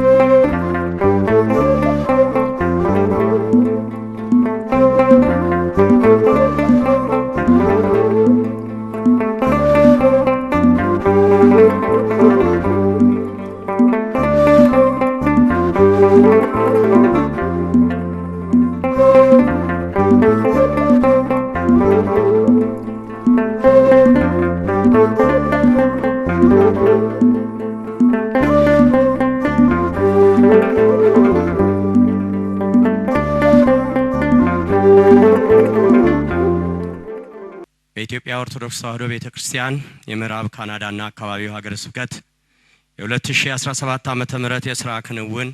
Thank you. የኢትዮጵያ ኦርቶዶክስ ተዋሕዶ ቤተ ክርስቲያን የምዕራብ ካናዳና አካባቢው ሀገረ ስብከት የ2017 ዓ ም የስራ ክንውን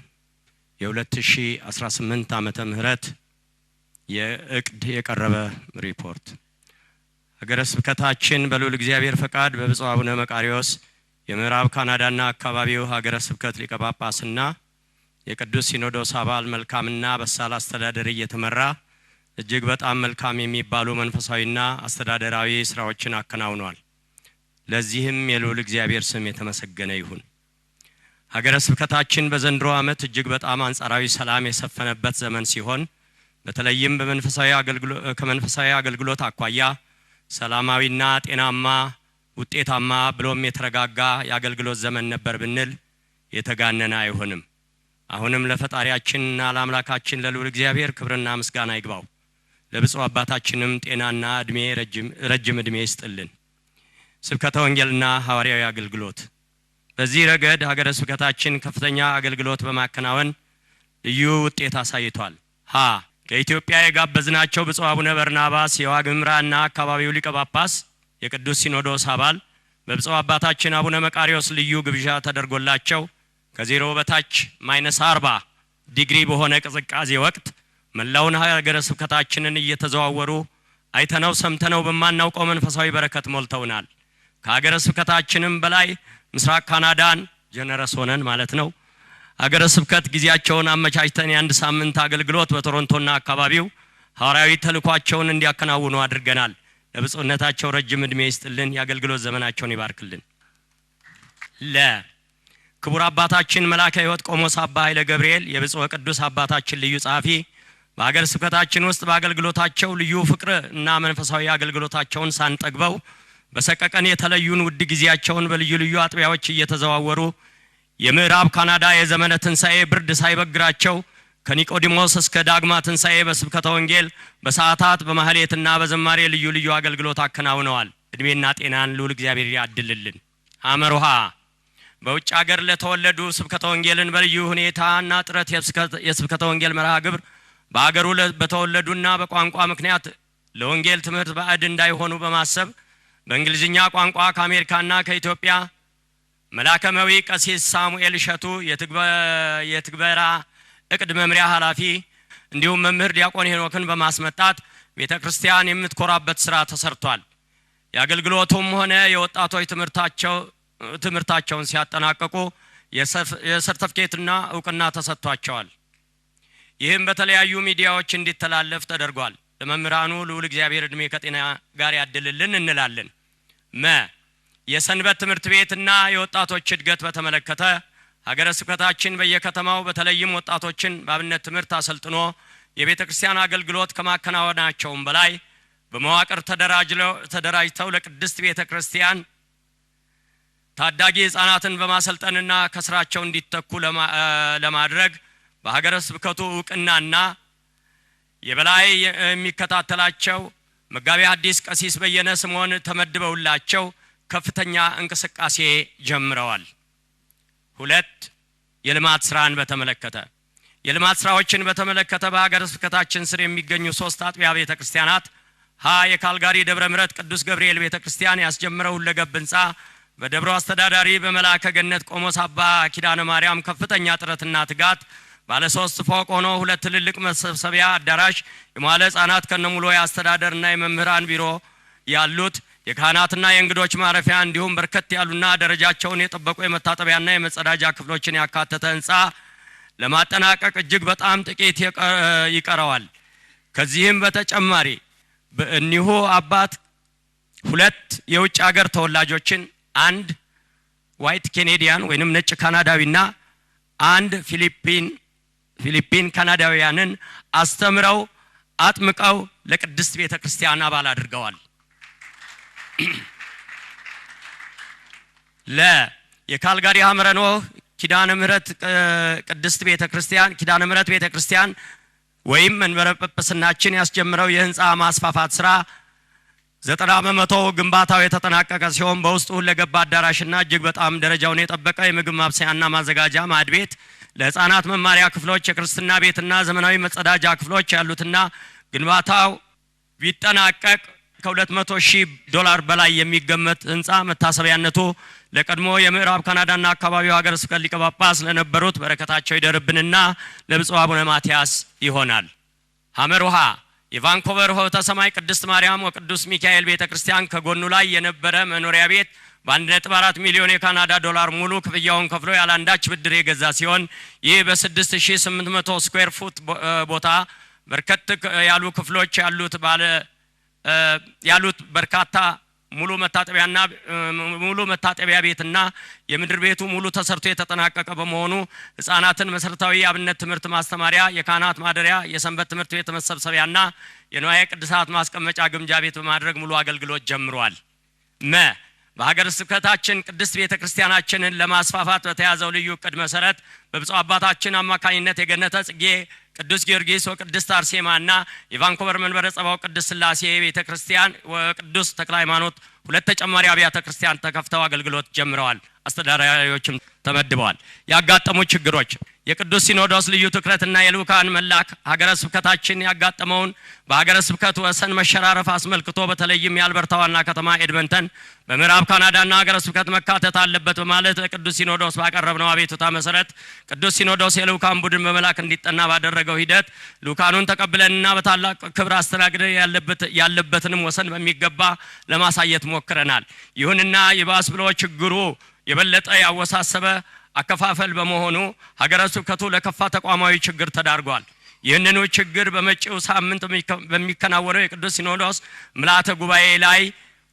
የ2018 ዓ ም የእቅድ የቀረበ ሪፖርት ሀገረ ስብከታችን በልዑል እግዚአብሔር ፈቃድ በብፁዕ አቡነ መቃሪዎስ የምዕራብ ካናዳና አካባቢው ሀገረ ስብከት ሊቀ ጳጳስና የቅዱስ ሲኖዶስ አባል መልካምና በሳል አስተዳደር እየተመራ እጅግ በጣም መልካም የሚባሉ መንፈሳዊና አስተዳደራዊ ስራዎችን አከናውኗል። ለዚህም የልዑል እግዚአብሔር ስም የተመሰገነ ይሁን። ሀገረ ስብከታችን በዘንድሮ ዓመት እጅግ በጣም አንጻራዊ ሰላም የሰፈነበት ዘመን ሲሆን በተለይም ከመንፈሳዊ አገልግሎት አኳያ ሰላማዊና ጤናማ ውጤታማ ብሎም የተረጋጋ የአገልግሎት ዘመን ነበር ብንል የተጋነነ አይሆንም። አሁንም ለፈጣሪያችንና ለአምላካችን ለልዑል እግዚአብሔር ክብርና ምስጋና ይግባው። ለብፁዕ አባታችንም ጤናና እድሜ ረጅም እድሜ ይስጥልን። ስብከተ ወንጌልና ሐዋርያዊ አገልግሎት በዚህ ረገድ ሀገረ ስብከታችን ከፍተኛ አገልግሎት በማከናወን ልዩ ውጤት አሳይቷል። ሀ ከኢትዮጵያ የጋበዝናቸው ብፁዕ አቡነ በርናባስ የዋግምራና አካባቢው ሊቀ ጳጳስ፣ የቅዱስ ሲኖዶስ አባል በብፁዕ አባታችን አቡነ መቃሪዎስ ልዩ ግብዣ ተደርጎላቸው ከዜሮ በታች ማይነስ አርባ ዲግሪ በሆነ ቅዝቃዜ ወቅት መላውን ሀገረ ስብከታችንን እየተዘዋወሩ አይተነው ሰምተነው በማናውቀው መንፈሳዊ በረከት ሞልተውናል። ከሀገረ ስብከታችንም በላይ ምስራቅ ካናዳን ጀነረስ ሆነን ማለት ነው ሀገረ ስብከት ጊዜያቸውን አመቻችተን የአንድ ሳምንት አገልግሎት በቶሮንቶና አካባቢው ሐዋርያዊ ተልኳቸውን እንዲያከናውኑ አድርገናል። ለብፁዕነታቸው ረጅም ዕድሜ ይስጥልን፣ የአገልግሎት ዘመናቸውን ይባርክልን። ለ ክቡር አባታችን መልአከ ሕይወት ቆሞስ አባ ኃይለ ገብርኤል የብፁዕ ቅዱስ አባታችን ልዩ ጸሐፊ በሀገር ስብከታችን ውስጥ በአገልግሎታቸው ልዩ ፍቅር እና መንፈሳዊ አገልግሎታቸውን ሳንጠግበው በሰቀቀን የተለዩን ውድ ጊዜያቸውን በልዩ ልዩ አጥቢያዎች እየተዘዋወሩ የምዕራብ ካናዳ የዘመነ ትንሣኤ ብርድ ሳይበግራቸው ከኒቆዲሞስ እስከ ዳግማ ትንሣኤ በስብከተ ወንጌል በሰዓታት በማህሌትና በዘማሬ ልዩ ልዩ አገልግሎት አከናውነዋል። እድሜና ጤናን ልዑል እግዚአብሔር ያድልልን። አመርሃ በውጭ አገር ለተወለዱ ስብከተ ወንጌልን በልዩ ሁኔታና ጥረት የስብከተ ወንጌል መርሃ ግብር በአገሩ በተወለዱና በቋንቋ ምክንያት ለወንጌል ትምህርት ባዕድ እንዳይሆኑ በማሰብ በእንግሊዝኛ ቋንቋ ከአሜሪካና ከኢትዮጵያ መላከመዊ ቀሲስ ሳሙኤል እሸቱ የትግበራ እቅድ መምሪያ ኃላፊ እንዲሁም መምህር ዲያቆን ሄኖክን በማስመጣት ቤተ ክርስቲያን የምትኮራበት ስራ ተሰርቷል። የአገልግሎቱም ሆነ የወጣቶች ትምህርታቸውን ሲያጠናቀቁ የሰርተፍኬትና እውቅና ተሰጥቷቸዋል። ይህም በተለያዩ ሚዲያዎች እንዲተላለፍ ተደርጓል። ለመምህራኑ ልዑል እግዚአብሔር እድሜ ከጤና ጋር ያድልልን እንላለን። መ የሰንበት ትምህርት ቤትና የወጣቶች እድገት በተመለከተ ሀገረ ስብከታችን በየከተማው በተለይም ወጣቶችን በአብነት ትምህርት አሰልጥኖ የቤተ ክርስቲያን አገልግሎት ከማከናወናቸውም በላይ በመዋቅር ተደራጅተው ለቅድስት ቤተ ክርስቲያን ታዳጊ ህጻናትን በማሰልጠንና ከስራቸው እንዲተኩ ለማድረግ በሀገረ ስብከቱ እውቅናና የበላይ የሚከታተላቸው መጋቢያ ሐዲስ ቀሲስ በየነ ስምዖን ተመድበውላቸው ከፍተኛ እንቅስቃሴ ጀምረዋል። ሁለት የልማት ስራን በተመለከተ የልማት ስራዎችን በተመለከተ በሀገረ ስብከታችን ስር የሚገኙ ሶስት አጥቢያ ቤተ ክርስቲያናት ሀ የካልጋሪ ደብረ ምረት ቅዱስ ገብርኤል ቤተ ክርስቲያን ያስጀምረው ሁለገብ ህንፃ በደብሮ አስተዳዳሪ በመላከ ገነት ቆሞስ አባ ኪዳነ ማርያም ከፍተኛ ጥረትና ትጋት ባለ ሶስት ፎቅ ሆኖ ሁለት ትልልቅ መሰብሰቢያ አዳራሽ፣ የመዋለ ሕፃናት ከነሙሉ የአስተዳደርና የመምህራን ቢሮ ያሉት የካህናትና የእንግዶች ማረፊያ እንዲሁም በርከት ያሉና ደረጃቸውን የጠበቁ የመታጠቢያና የመጸዳጃ ክፍሎችን ያካተተ ህንፃ ለማጠናቀቅ እጅግ በጣም ጥቂት ይቀረዋል። ከዚህም በተጨማሪ እኒሁ አባት ሁለት የውጭ ሀገር ተወላጆችን አንድ ዋይት ኬኔዲያን ወይንም ነጭ ካናዳዊና አንድ ፊሊፒን ፊሊፒን ካናዳውያንን አስተምረው አጥምቀው ለቅድስት ቤተ ክርስቲያን አባል አድርገዋል ለ የካልጋሪ ሀምረኖህ ኪዳነ ምሕረት ቅድስት ቤተ ክርስቲያን ኪዳነ ምሕረት ቤተ ክርስቲያን ወይም መንበረ ጵጵስናችን ያስጀምረው የህንፃ ማስፋፋት ስራ ዘጠና በመቶ ግንባታው የተጠናቀቀ ሲሆን በውስጡ ሁለገባ አዳራሽና እጅግ በጣም ደረጃውን የጠበቀ የምግብ ማብሰያና ማዘጋጃ ማድቤት ለህፃናት መማሪያ ክፍሎች፣ የክርስትና ቤትና ዘመናዊ መጸዳጃ ክፍሎች ያሉትና ግንባታው ቢጠናቀቅ ከ200 ሺህ ዶላር በላይ የሚገመት ህንፃ መታሰቢያነቱ ለቀድሞ የምዕራብ ካናዳና አካባቢው ሀገረ ስብከት ሊቀ ጳጳስ ለነበሩት በረከታቸው ይደርብንና ለብፁዕ አቡነ ማትያስ ይሆናል። ሐመር ውሃ የቫንኮቨር ሆተ ሰማይ ቅድስት ማርያም ወቅዱስ ሚካኤል ቤተ ክርስቲያን ከጎኑ ላይ የነበረ መኖሪያ ቤት በአንድ ነጥብ አራት ሚሊዮን የካናዳ ዶላር ሙሉ ክፍያውን ከፍሎ ያለ አንዳች ብድር የገዛ ሲሆን ይህ በ6800 ስኩዌር ፉት ቦታ በርከት ያሉ ክፍሎች ያሉት ባለ ያሉት በርካታ ሙሉ መታጠቢያና ሙሉ መታጠቢያ ቤትና የምድር ቤቱ ሙሉ ተሰርቶ የተጠናቀቀ በመሆኑ ህጻናትን መሰረታዊ የአብነት ትምህርት ማስተማሪያ፣ የካህናት ማደሪያ፣ የሰንበት ትምህርት ቤት መሰብሰቢያና የንዋየ ቅድሳት ማስቀመጫ ግምጃ ቤት በማድረግ ሙሉ አገልግሎት ጀምሯል። መ በሀገር ስብከታችን ቅድስት ቤተ ክርስቲያናችንን ለማስፋፋት በተያዘው ልዩ እቅድ መሰረት በብፁዕ አባታችን አማካኝነት የገነተ ጽጌ ቅዱስ ጊዮርጊስ ወቅድስት አርሴማ እና የቫንኮቨር መንበረ ጸባው ቅዱስ ስላሴ ቤተ ክርስቲያን ወቅዱስ ተክለ ሃይማኖት ሁለት ተጨማሪ አብያተ ክርስቲያን ተከፍተው አገልግሎት ጀምረዋል። አስተዳዳሪዎችም ተመድበዋል። ያጋጠሙ ችግሮች የቅዱስ ሲኖዶስ ልዩ ትኩረትና የልዑካን መላክ ሀገረ ስብከታችን ያጋጠመውን በሀገረ ስብከት ወሰን መሸራረፍ አስመልክቶ በተለይም የአልበርታ ዋና ከተማ ኤድመንተን በምዕራብ ካናዳና ሀገረ ስብከት መካተት አለበት በማለት ለቅዱስ ሲኖዶስ ባቀረብነው አቤቱታ መሰረት ቅዱስ ሲኖዶስ የልዑካን ቡድን በመላክ እንዲጠና ባደረገው ሂደት ልዑካኑን ተቀብለንና በታላቅ ክብር አስተናግደ ያለበትንም ወሰን በሚገባ ለማሳየት ሞክረናል። ይሁንና ይባስ ብሎ ችግሩ የበለጠ ያወሳሰበ አከፋፈል በመሆኑ ሀገረ ስብከቱ ለከፋ ተቋማዊ ችግር ተዳርጓል። ይህንኑ ችግር በመጪው ሳምንት በሚከናወነው የቅዱስ ሲኖዶስ ምልአተ ጉባኤ ላይ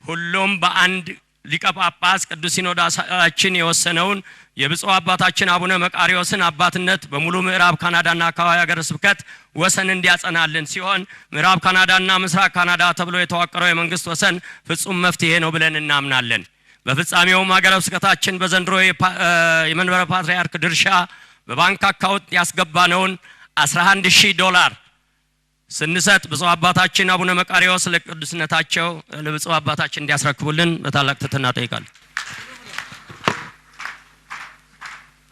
ሁሉም በአንድ ሊቀ ጳጳስ ቅዱስ ሲኖዳችን የወሰነውን የብፁዕ አባታችን አቡነ መቃሪዎስን አባትነት በሙሉ ምዕራብ ካናዳና አካባቢ ሀገረ ስብከት ወሰን እንዲያጸናልን ሲሆን ምዕራብ ካናዳና ምስራቅ ካናዳ ተብሎ የተዋቀረው የመንግስት ወሰን ፍጹም መፍትሄ ነው ብለን እናምናለን። በፍጻሜውም ሀገረ ስብከታችን በዘንድሮ የመንበረ ፓትርያርክ ድርሻ በባንክ አካውንት ያስገባነውን 11 ሺህ ዶላር ስንሰጥ ብፁዕ አባታችን አቡነ መቃሪዎስ ለቅዱስነታቸው ለብፁዕ አባታችን እንዲያስረክቡልን በታላቅ ትሕትና ጠይቃለሁ።